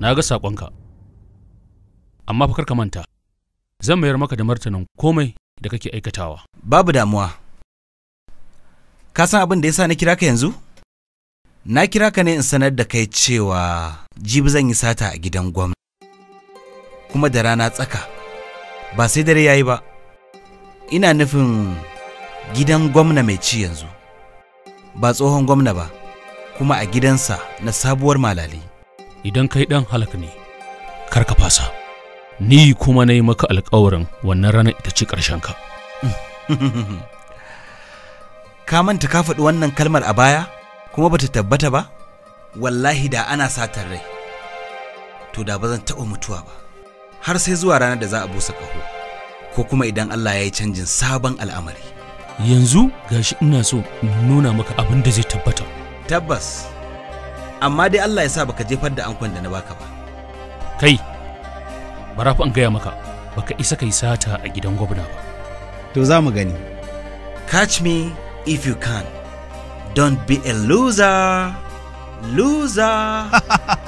na ga saƙonka amma fa ka manta zan mayar maka da martanin komai da kake aikatawa babu damuwa ka san abin da ya sa na kira ka yanzu na kira ka ne in sanar da kai cewa jibi zan yi sata a gidan gwamna kuma da rana tsaka ba sai dare yayi ba ina nufin gidan gwamna mai ci yanzu ba tsohon gwamna ba kuma a gidansa na sabuwar malali idan kai ɗan halak ne kar ka fasa ni kuma na yi maka alkawarin wannan ranar ita ce ka. ka manta ka faɗi wannan kalmar a baya kuma bata tabbata ba wallahi da ana satar rai to da ba zan taɓa mutuwa ba har sai zuwa ranar da za a busa ƙaho ko kuma idan Allah ya yi canjin sabon al'amari yanzu gashi ina so in nuna maka abin da zai tabbata tabbas amma dai Allah ya sa baka jefar da ankon da na baka ba kai bara an gaya maka baka isa kai sata a gidan gwamna ba to za mu gani catch me if you can don't be a loser loser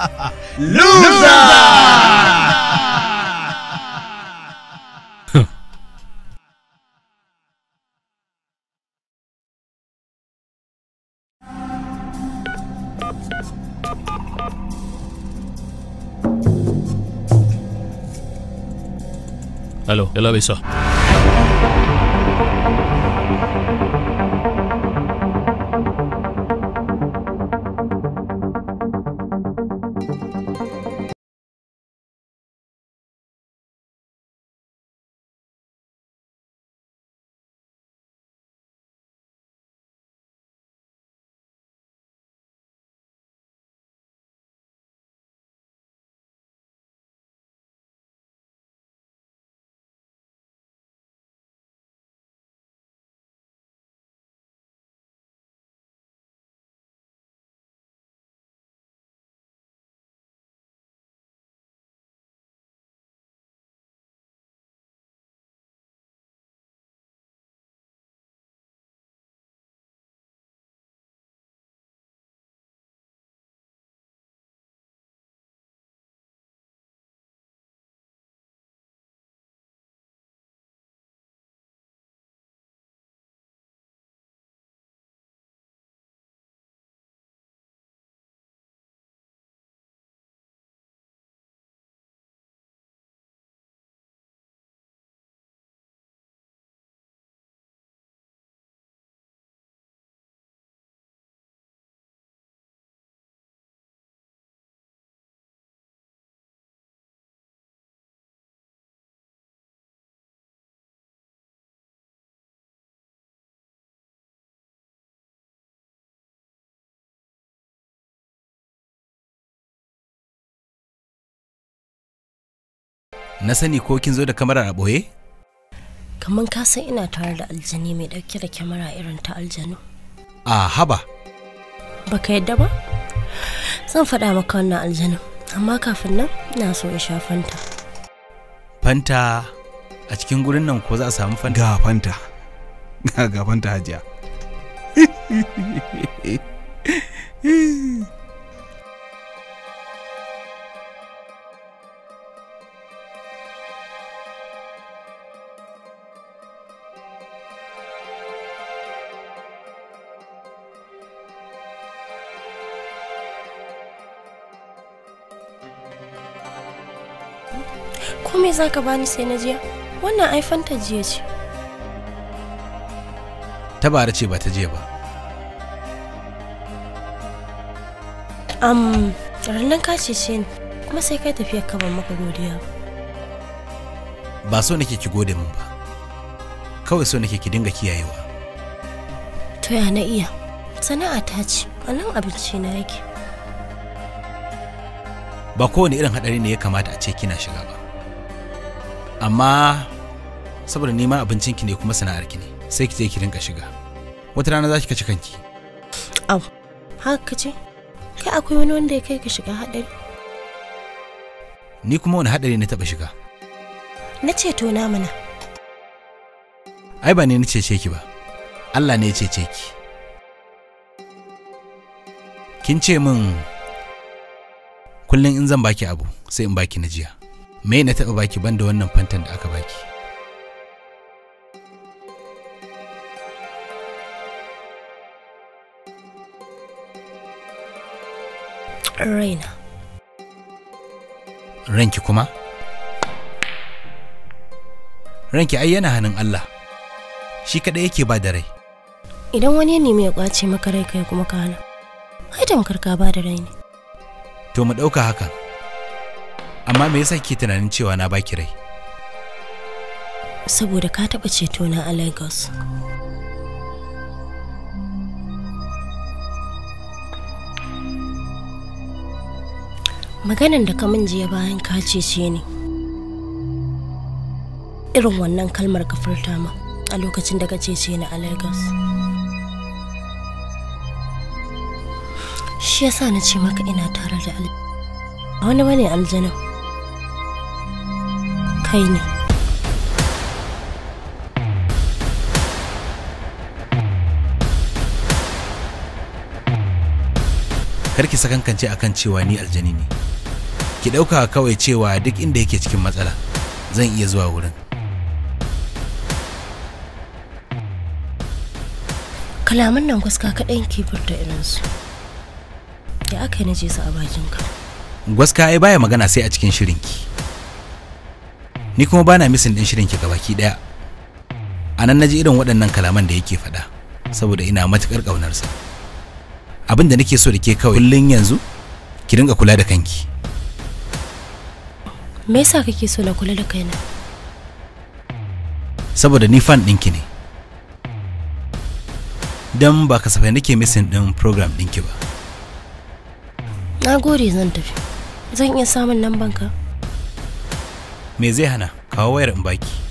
loser Aló, ya lo aviso. na sani ko kin zo da kamarar a ɓoye? kamar ka san ina tare da aljani mai ɗauke da kyamara irin ta aljanu a haba baka yadda ba zan faɗa maka wannan aljanu amma kafin nan ina so in sha fanta fanta a cikin gurin nan ko za a samu fanta ga fanta ga fanta hajiya ko me za ka bani sai na jiya wannan ai fanta jiya ce ta bara ce ba ta jiya ba am rannan ka ce ni kuma sai kai tafiya ka ban maka godiya ba so nake ki gode min ba kawai so nake ki dinga kiyayewa to ya na iya sana'a ta ce a nan abinci na yake ba kowane irin hadari ne ya kamata a ce kina shiga ba amma saboda neman abincin ki ne kuma sana'ar ki ne sai ki je ki rinka shiga wata rana za ki kaci kanki au haka ce kai akwai wani wanda ya kai ka shiga haɗari ni kuma wani haɗari na taɓa shiga na ceto na mana ai ba ne na cece ki ba Allah ne ya cece ki kin ce min kullum in zan baki abu sai in baki na jiya me na taɓa baki ban da wannan fantan da aka baki raina ranki kuma ranki ai yana hannun Allah shi kaɗai yake ba da rai idan wani ya nemi ya ƙwace maka rai kai kuma ka hana ai tamkar ka ba da rai ne to mu ɗauka hakan amma me yasa kike tunanin cewa na baki rai saboda ka taɓa ceto na a lagos maganan da ka min jiya bayan ka cece ni irin wannan kalmar ka furta ma a lokacin da ka cece ni a lagos shi yasa na ce maka ina tare da wani wani aljanin hanya. Karki sakankance akan cewa ni aljani ne. Ki ɗauka kawai cewa duk inda yake cikin matsala zan iya zuwa wurin. Kalaman nan gwaska kaɗan ke furta irinsu. ya aka yi na su a bakinka. Gwaska ai baya magana sai a cikin shirinki. ni kuma bana misin din shirin ki gabaki daya a nan naji irin waɗannan kalaman da yake faɗa saboda ina matuƙar sa. abin da nake so da ke kawai kullun yanzu ki dinga kula da kanki me yasa kake so na kula da kaina saboda ni fan ɗinki ne don ba ka safai nake misin ɗin program ɗinki ba na gode zan tafi zan iya samun ka me zai hana kawo wayar in baki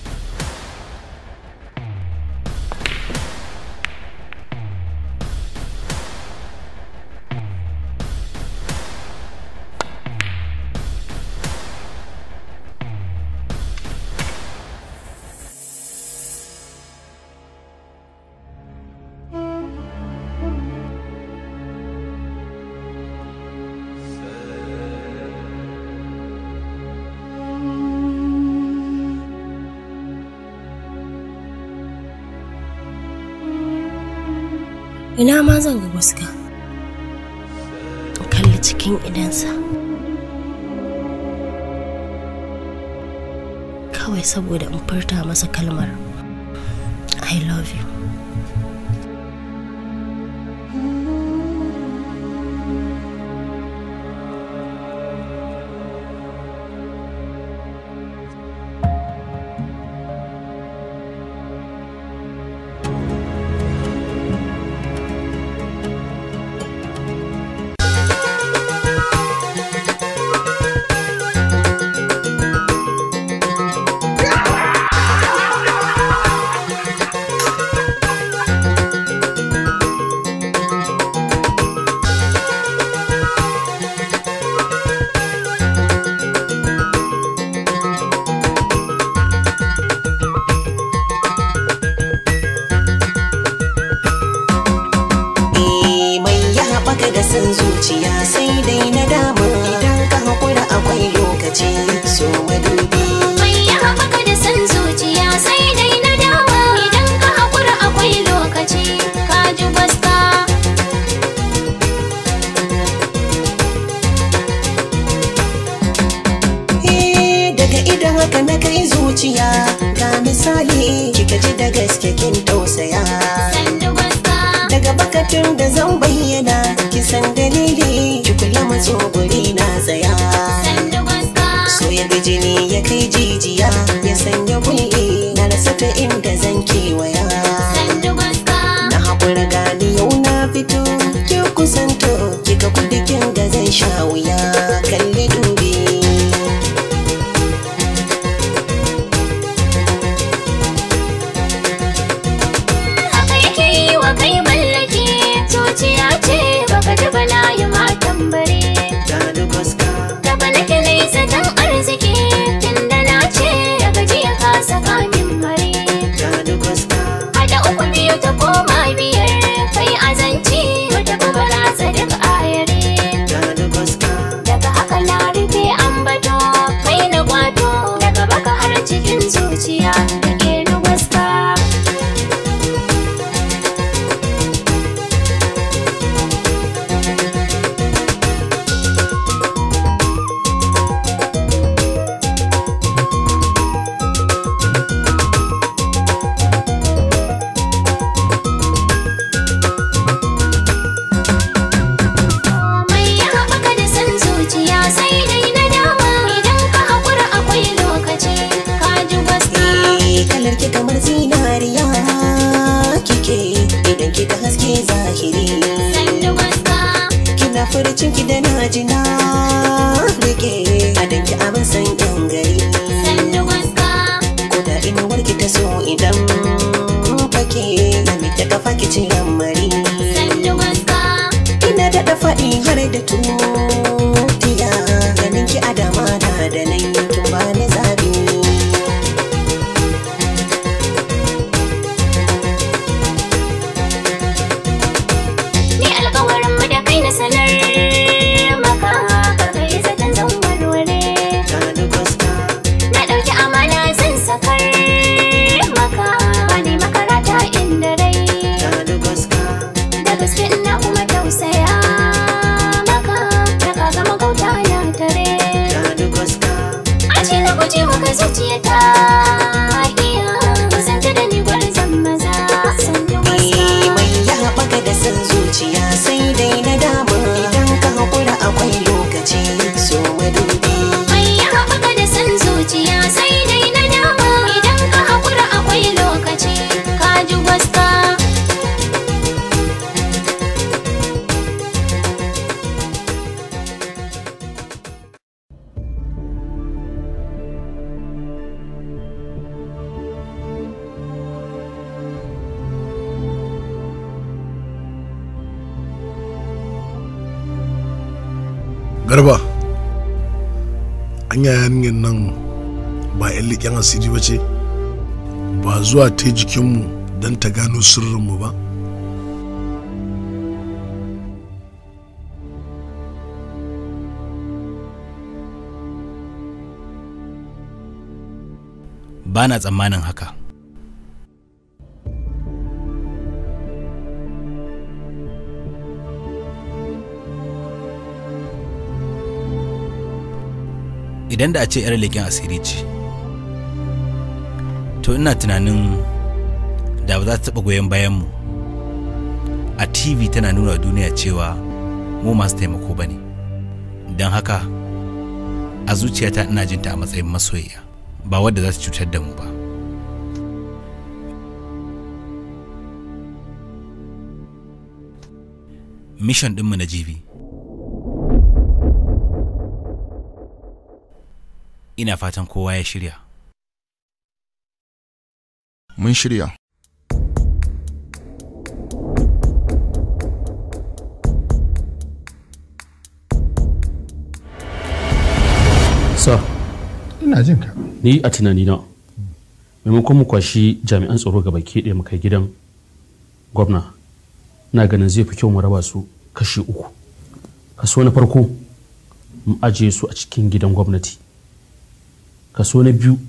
ina ma zan ga gwaska kalli cikin idansa kawai saboda in furta masa kalmar i love you haka na kai zuciya ga misali kika ji da gaske kin tausaya daga bakatun da zan bayyana ki san dalili ki kula matso guri na tsaya so ya jini ya kai ji na sociedade mace ba zuwa ta jikinmu don ta gano sirrinmu ba ba na tsammanin haka idan da a ce 'yar leƙen asiri ce to ina tunanin da ba za ta taɓa goyon bayanmu a tv tana nuna duniya cewa mu masu taimako ba ne don haka a zuciyata ina jinta a matsayin masoyiya ba wadda za ta cutar da mu ba mission mu na jibi ina fatan kowa ya shirya mun shirya sa ina jin ka ni a tunani na maimakon mu kwashi jami'an tsaro gaba ke mu kai gidan gwamna na ganin zai fi kyau mu raba su kashi uku kaso na farko mu ajiye su a cikin gidan gwamnati kaso na biyu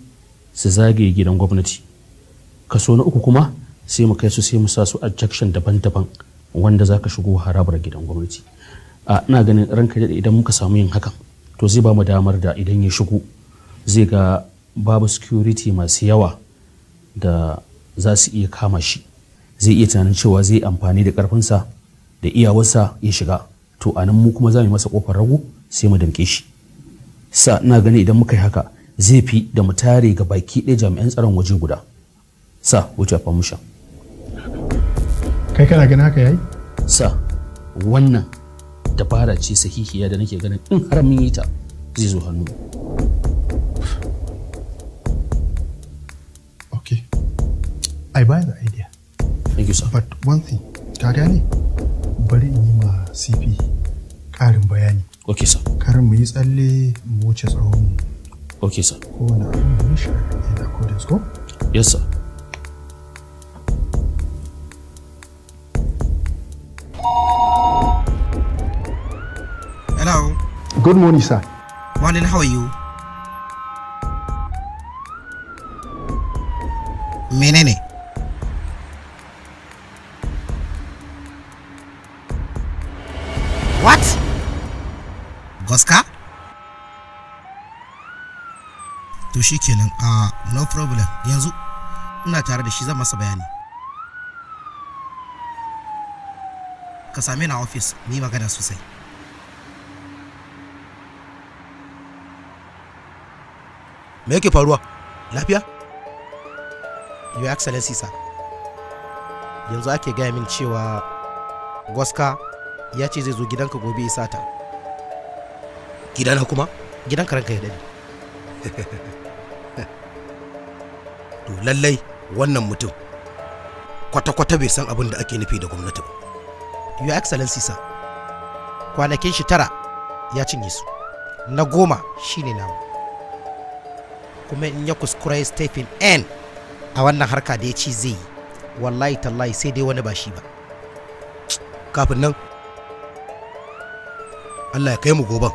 su zagaye gidan gwamnati kaso na uku kuma sai mu kai su sai mu sa su a daban-daban wanda za ka shigo harabar gidan gwamnati a ina ganin ranka da idan muka samu yin hakan to zai ba mu damar da idan ya shigo zai ga babu security masu yawa da za su iya kama shi zai iya tunanin cewa zai amfani da karfinsa da iyawarsa ya shiga to a nan mu kuma za mu masa kofar rago sai mu damke shi sa ina ganin idan muka yi haka zai fi da mu tare ga baki ɗaya jami'an tsaron waje guda Sir, with your permission. Kai kana ganin haka yayi? Sir, wannan dabara ce sahihiya da nake ganin in har mun yi ta zai zo hannu. Okay. I buy the idea. Thank you, sir. But one thing, ka gane? Bari in yi ma CP ƙarin bayani. Okay, sir. Karin mu yi tsalle mu wuce tsawon. Okay, sir. Kowane abin da ya shara ko? Yes, sir. Good morning, sir. Morning, how are you? Menene? What? Goska? To shi kenan, ah, no problem. Yanzu ina tare da shi zan masa bayani. Ka same na ofis, ni magana sosai. me yake faruwa lafiya your excellency sir yanzu ake gaya min cewa goska ya ce zai zo gidanka gobe ya sata gidana kuma gidan ranka ya dade to lallai wannan mutum kwata-kwata bai san abin da ake nufi da gwamnati ba your excellency sir kwanakin shi tara ya cinye su na goma shine namu kuma in ya kuskura ya stephen n a wannan harka da ya ci zai yi wallahi tallahi sai dai wani ba shi ba kafin nan allah ya kai mu goban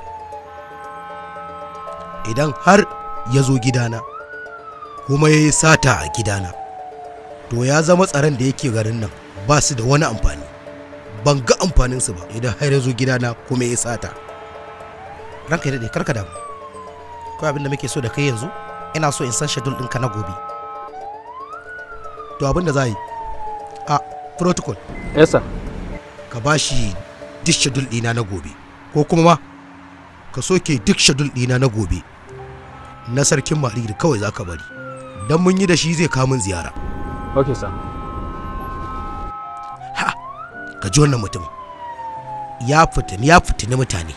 idan har ya zo gidana kuma ya yi sata a gidana to ya zama tsaron da yake garin nan ba su da wani amfani ban ga amfaninsu ba idan har ya zo gidana kuma ya yi sata ranka yi daɗe karka damu kawai abinda muke so da kai yanzu ina so in san shedul ɗinka na gobe to abin da za yi a protocol yes sir ka ba shi duk shedul ɗina na gobe ko kuma ma ka soke duk shedul ɗina na gobe na sarkin mariri kawai za ka bari don mun yi da shi zai kamun ziyara ok sir ha ka ji wannan mutum ya fitini ya fitini mutane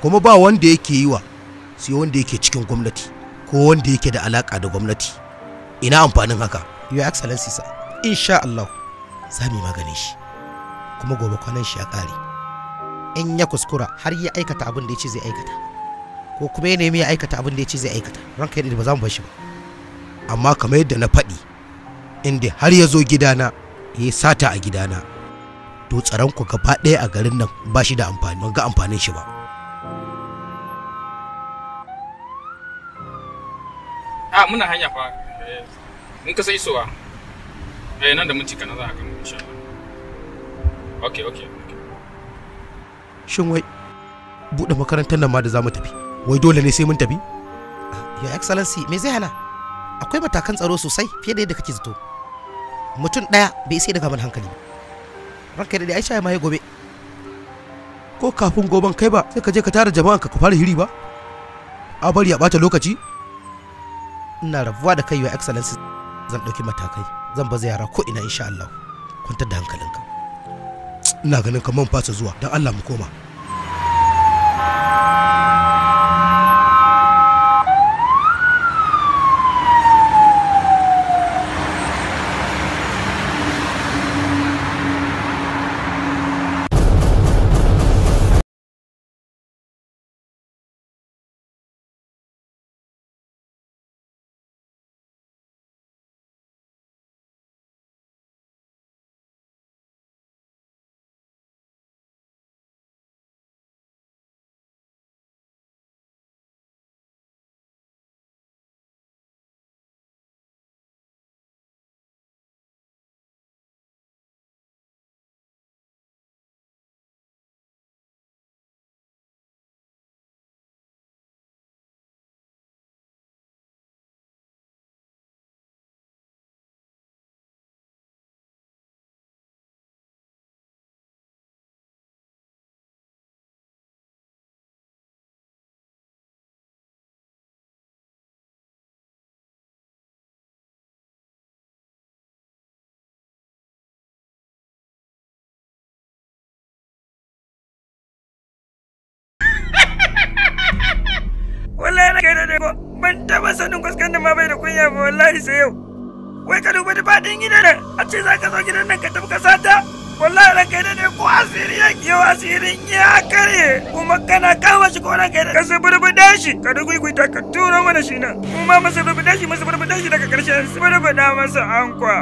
kuma ba wanda yake yi wa sai wanda yake cikin gwamnati ko wanda yake da alaka da gwamnati ina amfanin haka your excellency sir insha Allah za mu yi maganin shi kuma gobe kwanan shi ya kare in ya kuskura har ya aikata abin da ya zai aikata ko kuma ya nemi ya aikata abin da ya zai aikata ranka yadda ba za mu bar shi ba amma kamar yadda na faɗi inda har ya zo gidana ya sata a gidana to tsaron ku gaba ɗaya a garin nan ba shi da amfani ban ga amfanin shi ba a ah, muna hanya fa eh, mun kasa isowa eh nan da mun cika na za a gama insha Allah okay okay shin wai bude makarantar nan ma da zamu tafi wai dole ne sai mun tafi ya excellency me zai hana akwai matakan tsaro sosai fiye da yadda kake zato mutum daya bai sai daga mun hankali ranka da Aisha ma ya gobe ko kafin goban kai ba sai ka je ka tara jama'anka ka fara hiri ba a bari a bata lokaci ina rabuwa da kai wa excellency zan ɗauki matakai zan baza yara ko ina insha Allah kwantar da hankalinka ina ganin kaman fasa zuwa dan Allah mu koma wallahi na kai da dai ban taba sanin kwaskan da ma bai da kunya ba wallahi sai yau wai ka duba da fadin gidan nan a ce za ka zo gidan nan ka tafi ka sata wallahi ran kai da dai ko asiri ya yau asirin ya kare kuma kana kama shi ko ran kai da ka suburbuda shi ka duguguita ka turo mana shi nan mu ma mu suburbuda shi mu suburbuda shi daga karshen suburbuda masa kwa.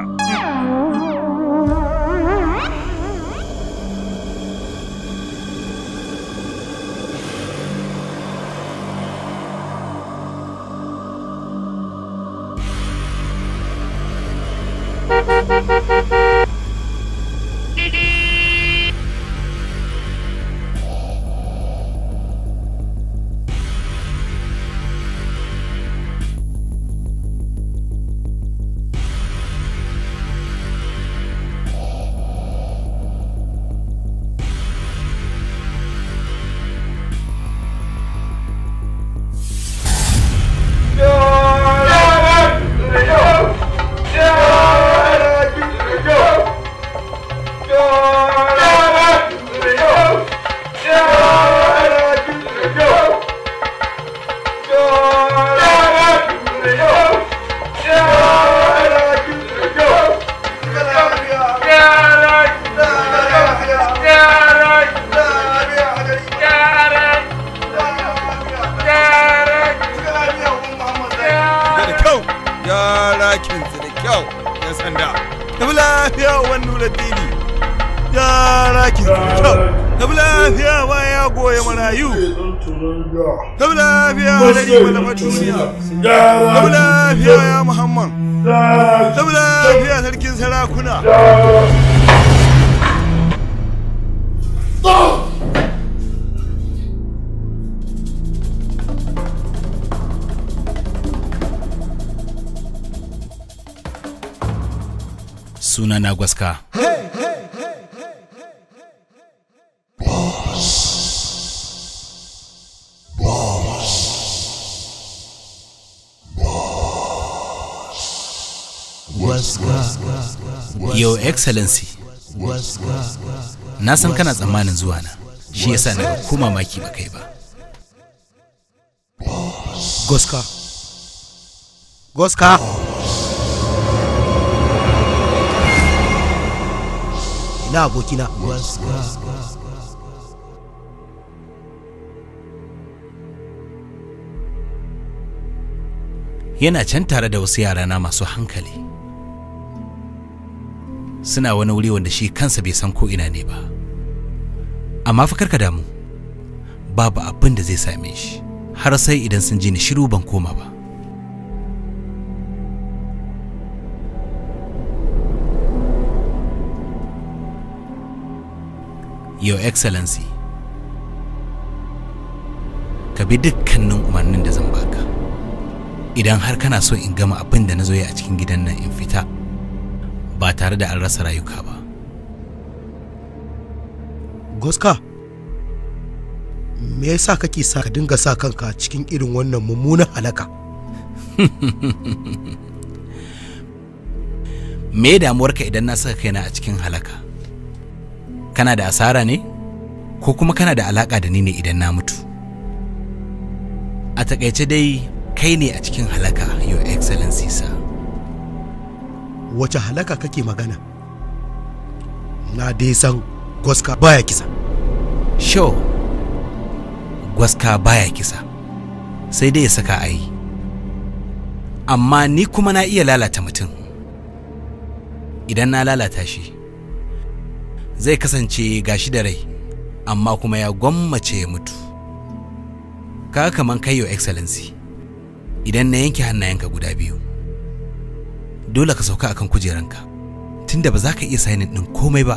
Zama lafiya ya Muhammad. Zama lafiya sarkin sarakuna. Suna na gwaska. Hey, hey, hey, hey, hey. Yo Excellency, na san kana tsammanin zuwa na, shi yasa na kuma maki ba kai ba. Goska. Goska. Ina abokina. Yana can tare da wasu yara na masu hankali. suna wani wuri wanda shi kansa bai san ko ina ne ba amma fa karka damu babu abin da zai same shi har sai idan sun ji ni shiru ban koma ba Your Excellency, ka bi dukkanin umarnin da zan baka. Idan har kana so in gama abin da na zo a cikin gidan nan in fita, ba tare da an rasa rayuka ba goska me yasa kake sa ka dinga sa kanka cikin irin wannan mummunan halaka me damuwarka idan na saka kaina a cikin halaka kana da asara ne ko kuma kana da alaka da ni ne idan na mutu a takaice dai kai ne a cikin halaka your excellency sir wace halaka kake magana na dai san gwaska baya kisa sho gwaska baya kisa sai dai ya saka a yi amma ni kuma na iya lalata mutum idan na lalata shi zai kasance gashi da rai amma kuma ya gwammace ya mutu kaga kaman kai wa excellency idan na yanke hannayenka guda biyu dole ka sauka akan kujeranka tunda ba za ka iya sainin din komai ba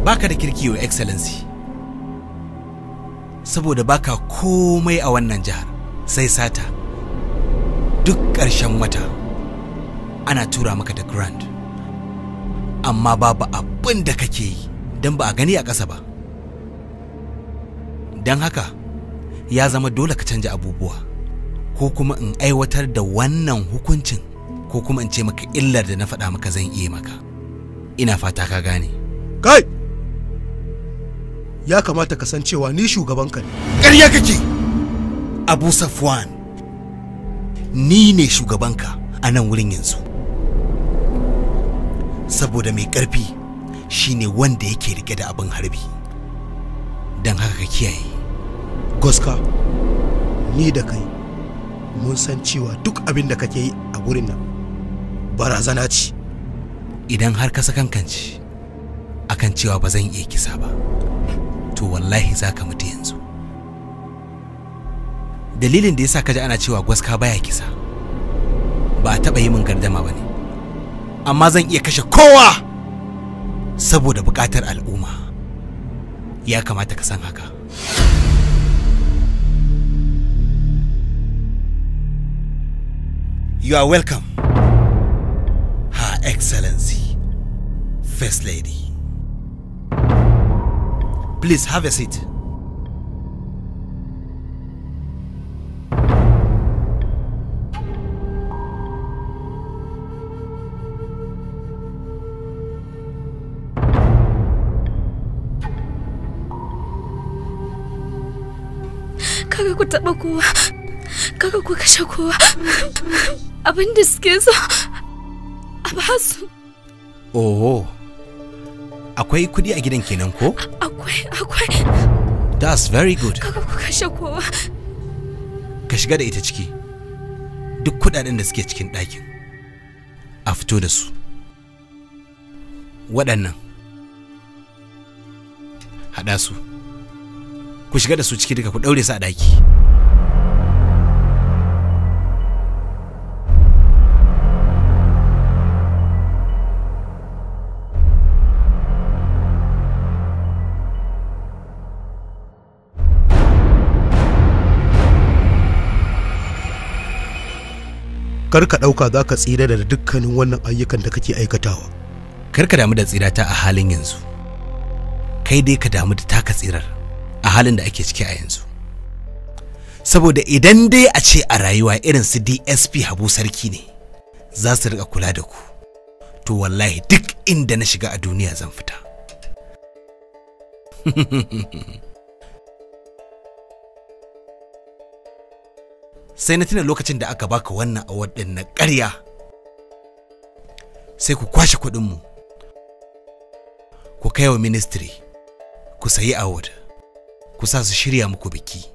baka da kirki wa excellency saboda baka komai a wannan jihar sai sata duk ƙarshen wata ana tura maka da grand amma babu abin da kake yi don ba a gani a ƙasa ba don haka ya zama dole ka canja abubuwa ko kuma in aiwatar da wannan hukuncin ko kuma in ce maka illar da na faɗa maka zan iya maka ina fata ka gane kai ya kamata ka san cewa ni shugabanka ne ƙarya kake abu safwan ni ne shugabanka a nan wurin yanzu saboda mai ƙarfi shine wanda yake rike da abin harbi don haka ka kiyaye Goska, ni da kai mun san cewa duk abin da kake yi a gurin nan barazana ce. Idan har ka sakankanci akan cewa ba zan iya kisa ba, to wallahi za ka mutu yanzu. Dalilin da ya sa ka ji ana cewa Goska baya kisa, ba a taɓa yi min gardama ba ne, amma zan iya kashe kowa saboda buƙatar al'umma. Ya kamata ka san haka. You are welcome, Her Excellency, First Lady. Please have a seat. Kaga ku taɓa kowa, kaga ku kashe kowa. abin da suke so a basu. Oh, akwai kudi a gidan kenan ko? Akwai, akwai. That's very good. Kaka ku kashe kowa. Ka shiga da ita ciki. Duk kudaden da suke cikin ɗakin. A fito da su. Waɗannan. Haɗa su. Ku shiga da su ciki duka ku ɗaure su a ɗaki. kar ka ɗauka za ka tsira da dukkanin wannan ayyukan da kake aikatawa kar ka damu da tsirata a halin yanzu kai dai ka damu da taka tsirar a halin da ake ciki a yanzu saboda idan dai a ce a rayuwa irin su dsp habu sarki ne za su riƙa kula da ku to wallahi duk inda na shiga a duniya zan fita sai na tuna lokacin da aka baka wannan a din na ƙarya sai ku kwashe kuɗinmu ku kai wa ministry ku sayi award ku sa su shirya muku biki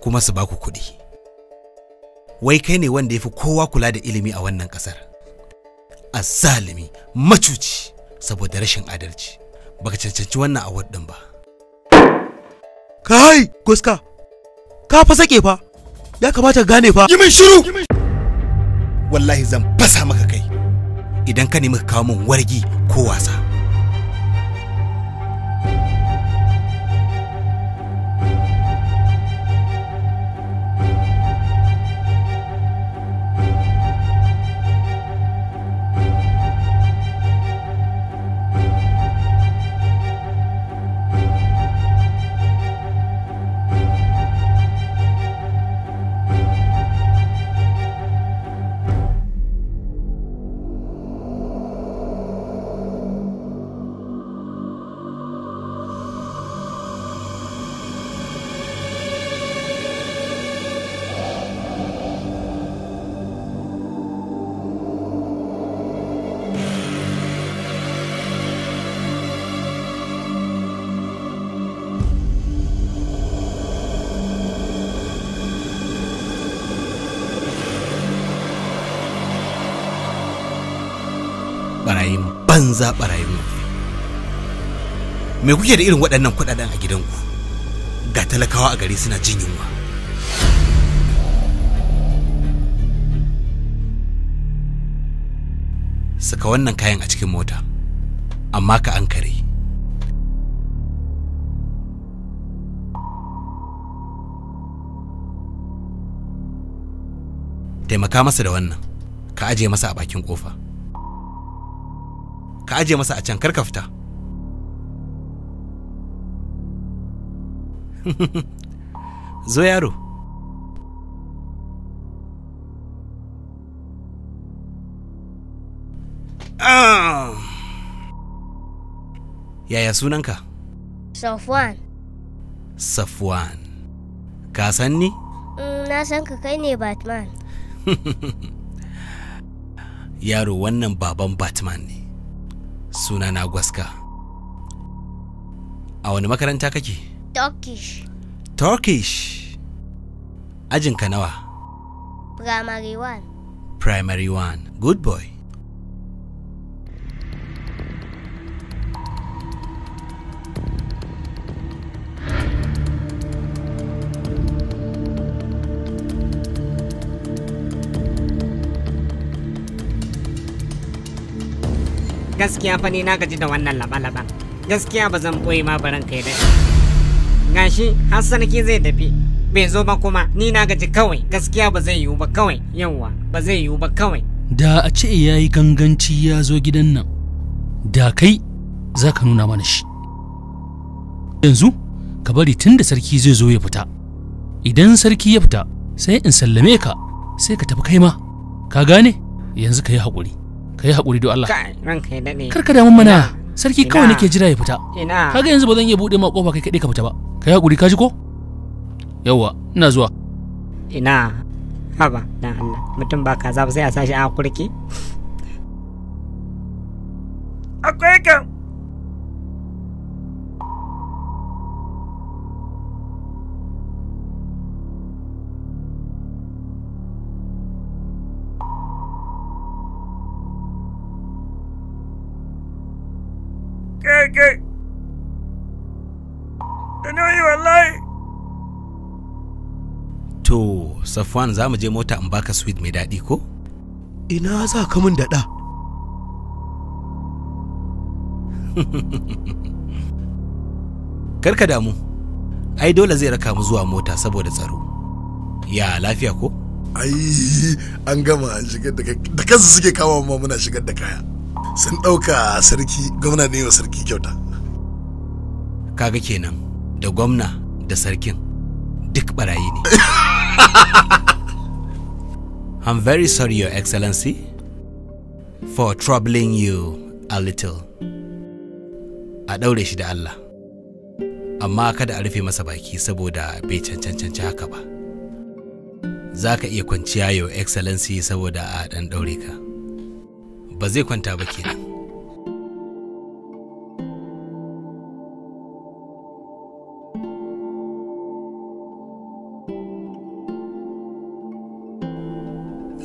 kuma su baku kuɗi wai kai ne wanda ya fi kowa kula da ilimi a wannan ƙasar zalimi macuci saboda rashin adalci baka cancanci wannan award ɗin ba kai goska ka fa sake fa ya kamata gane fa yi min shiru wallahi zan fasa maka kai idan ka nemi kawo min wargi ko wasa zaɓa rayuwa me kuke da irin waɗannan kuɗaɗen a gidanku ga talakawa a gari suna jin yunwa saka wannan kayan a cikin mota amma ka an kare taimaka masa da wannan ka ajiye masa a bakin kofa aje masa a can kar ka fita zo yaro ah. yaya sunanka safwan safwan ka san ni mm, na san ka kai ne batman yaro wannan baban batman ne sunana gwaska a wani makaranta kake turkish turkish ajinka nawa primary one primary one good boy gaskiya fa ni na gaji da wannan laba-laban gaskiya ba zan ɓoye ma baran kai da gashi har ki zai tafi bai zo ba kuma ni na gaji kawai gaskiya ba zai yiwu ba kawai yawa ba zai yiwu ba kawai da a ce ya yi ganganci ya zo gidan nan da kai za ka nuna mana shi yanzu ka bari tun da sarki zai zo ya fita idan sarki ya fita sai in sallame ka sai ka tafi kai ma ka gane yanzu ka yi haƙuri ka yi haƙuri don Allah kar ka damu mana sarki kawai nake jira ya fita kaga yanzu ba zan iya buɗe ma ƙofa kai kaɗai ka fita ba ka yi haƙuri ka ji ko yawwa ina zuwa ina haba dan Allah mutum ba kaza ba sai a sashi a kurki akwai kan Safwan za mu je mota in baka sweet mai daɗi ko? Ina za ka min daɗa? Karka damu, ai dole zai raka mu zuwa mota saboda tsaro. Ya lafiya ko? Ai, an gama an shigar da kansu suke kawo ma muna shigar da kaya. Sun ɗauka sarki, gwamna ne wa sarki kyauta. Kaga kenan, da gwamna da sarkin duk barayi ne. I'm very sorry, Your Excellency, for troubling you a little. A ɗaure shi da Allah, amma kada a rufe masa baki saboda bai cancancanci haka ba. Za ka iya kwanciya, Your Excellency, saboda a ɗan ɗaure ka. Ba zai kwanta ba kenan.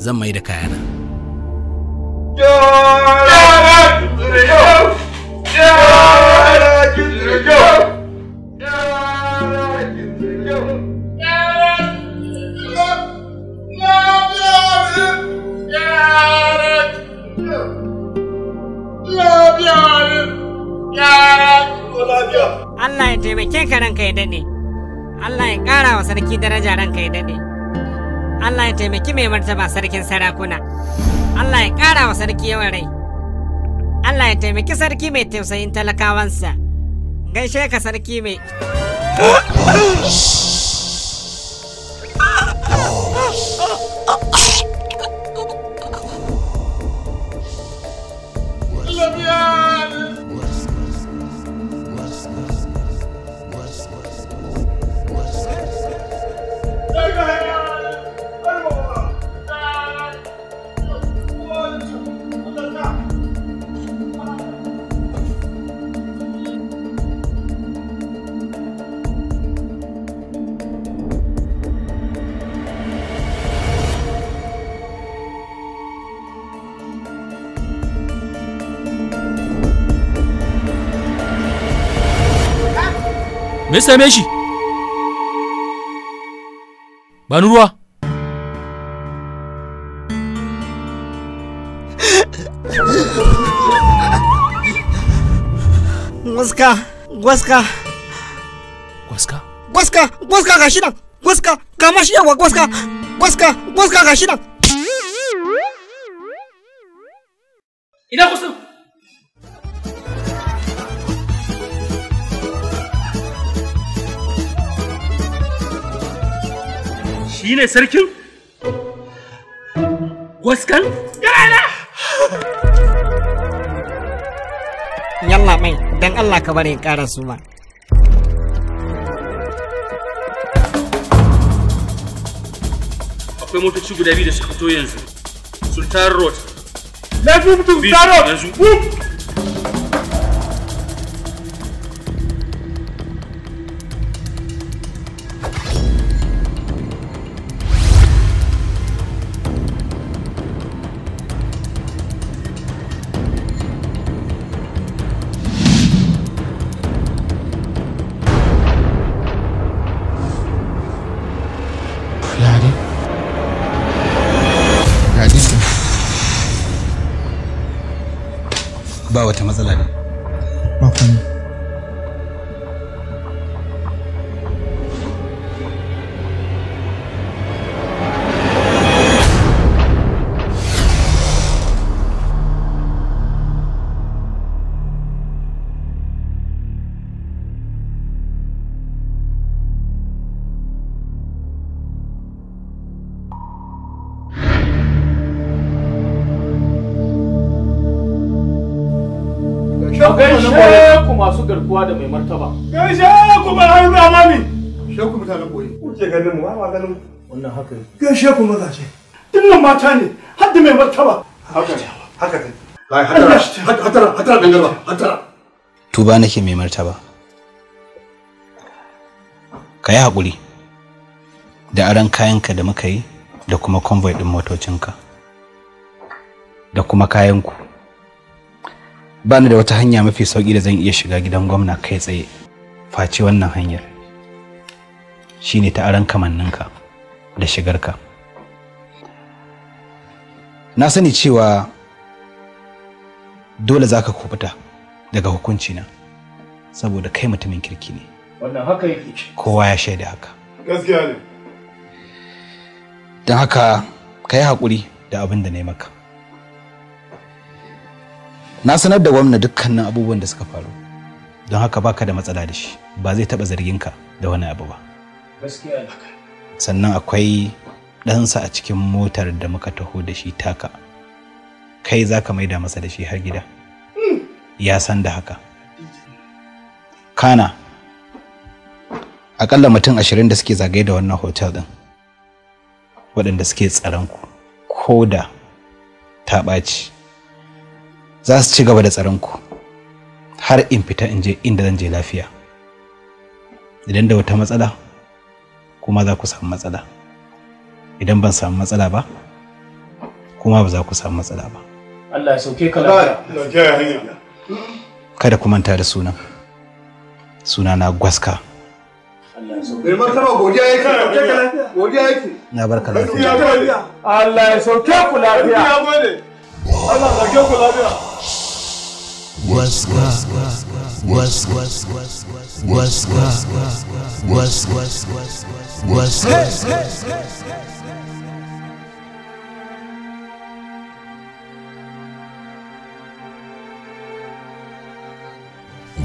zan mai da kayana Allah ya taimake ka ranka ya daɗe. Allah ya ƙara wa sarki daraja ranka ya daɗe. Allah ya taimaki mai martaba sarkin sarakuna. Allah ya ƙara wa sarki yawan rai. Allah ya taimaki sarki mai tausayin talakawansa. Gaishe ka sarki mai. me same shi ba ni ruwa gwaska gwaska gwaska gwaska gwaska ga shida nan gwaska kama shi yawa gwaska gwaska gwaska ga shida ina Shi ne sarkin? Waskan? Yana! Yalla mai, don Allah ka bari ƙara su ba. Akwai motoci guda biyu da suka fito yanzu. Sultan Road. Na fi mutum Sultan Road! gaishe ku masu garkuwa da mai martaba. Gaishe ku mai harin zamani. Gaishe ku mutanen boye. Kuke ganin mu ba ganin wannan haka. Gaishe ku mazaje. Dinnan mata ne har da mai martaba. Haka haka ne. Kai hatara hatara hatara dangarba hatara. Tuba nake mai martaba. Ka yi haƙuri da aran kayanka da muka yi da kuma convoy ɗin motocinka da kuma kayanku. Bani da wata hanya mafi sauƙi da zan iya shiga gidan gwamna kai tsaye face wannan hanyar shine ta aran kamanninka da shigarka na sani cewa dole za ka kubuta daga hukuncina saboda kai mutumin kirki ne wannan haka yake kowa ya shaida haka gaskiya ne don haka ka yi haƙuri da abin da na maka na sanar da gwamna dukkanin abubuwan da suka faru don haka baka da matsala da shi ba zai taɓa ka da wani abu ba sannan akwai ɗansa a cikin motar da muka taho da shi taka kai za ka maida masa da shi har gida hmm. ya san da haka kana akalla mutum ashirin da suke zagaye da wannan hotel ɗin waɗanda suke tsaron ko da ta ɓaci za su ci gaba da tsaron ku har in fita in je inda zan je lafiya idan da wata matsala kuma za ku samu matsala idan ban samu matsala ba kuma ba za ku samu matsala ba Allah ya sauke ka kada ku manta da sunan suna na gwaska sauke ku lafiya Allah ya sauke ku lafiya Allah rage ku lafiya waska waska waska waska waska waska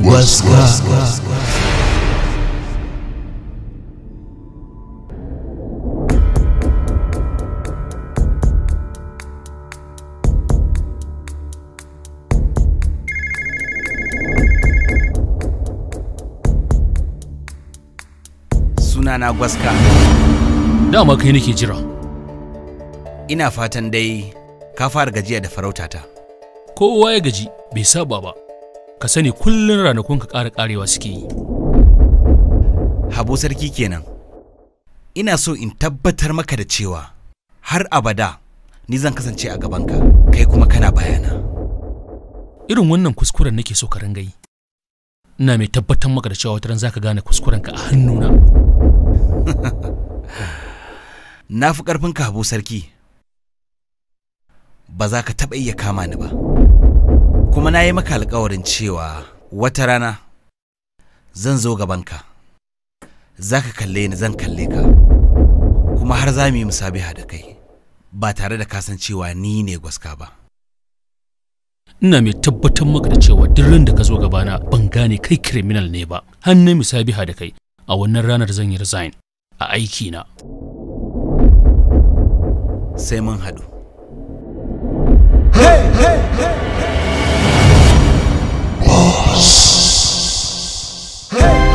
What's up? sunana Gwaska. Dama kai nake jira. Ina fatan dai ka fara gajiya da farautata. Kowa ya gaji bai saba ba, ka sani kullun ranakun ka kara karewa suke yi. Habo sarki kenan. Ina so in tabbatar maka da cewa har abada ni zan kasance a gabanka kai kuma kana bayana. Irin wannan kuskuren nake so ka ringa yi. ina mai tabbatar maka da cewa wataran zaka gane kuskurenka a hannuna. na fi ƙarfin ka habo sarki ba za ka taɓa iya kama ni ba kuma na yi maka alkawarin cewa wata rana zan zo ka za ka kalle ni zan kalle ka kuma har za mu yi musabiha da kai ba tare da cewa ni ne gwaska ba ina mai tabbatar maka da cewa duk ran da ka zo gabana ban gane kai criminal ne ba hannun musabiha da kai a wannan ranar zan yi resign a aikina. Sai mun haɗu. Hey.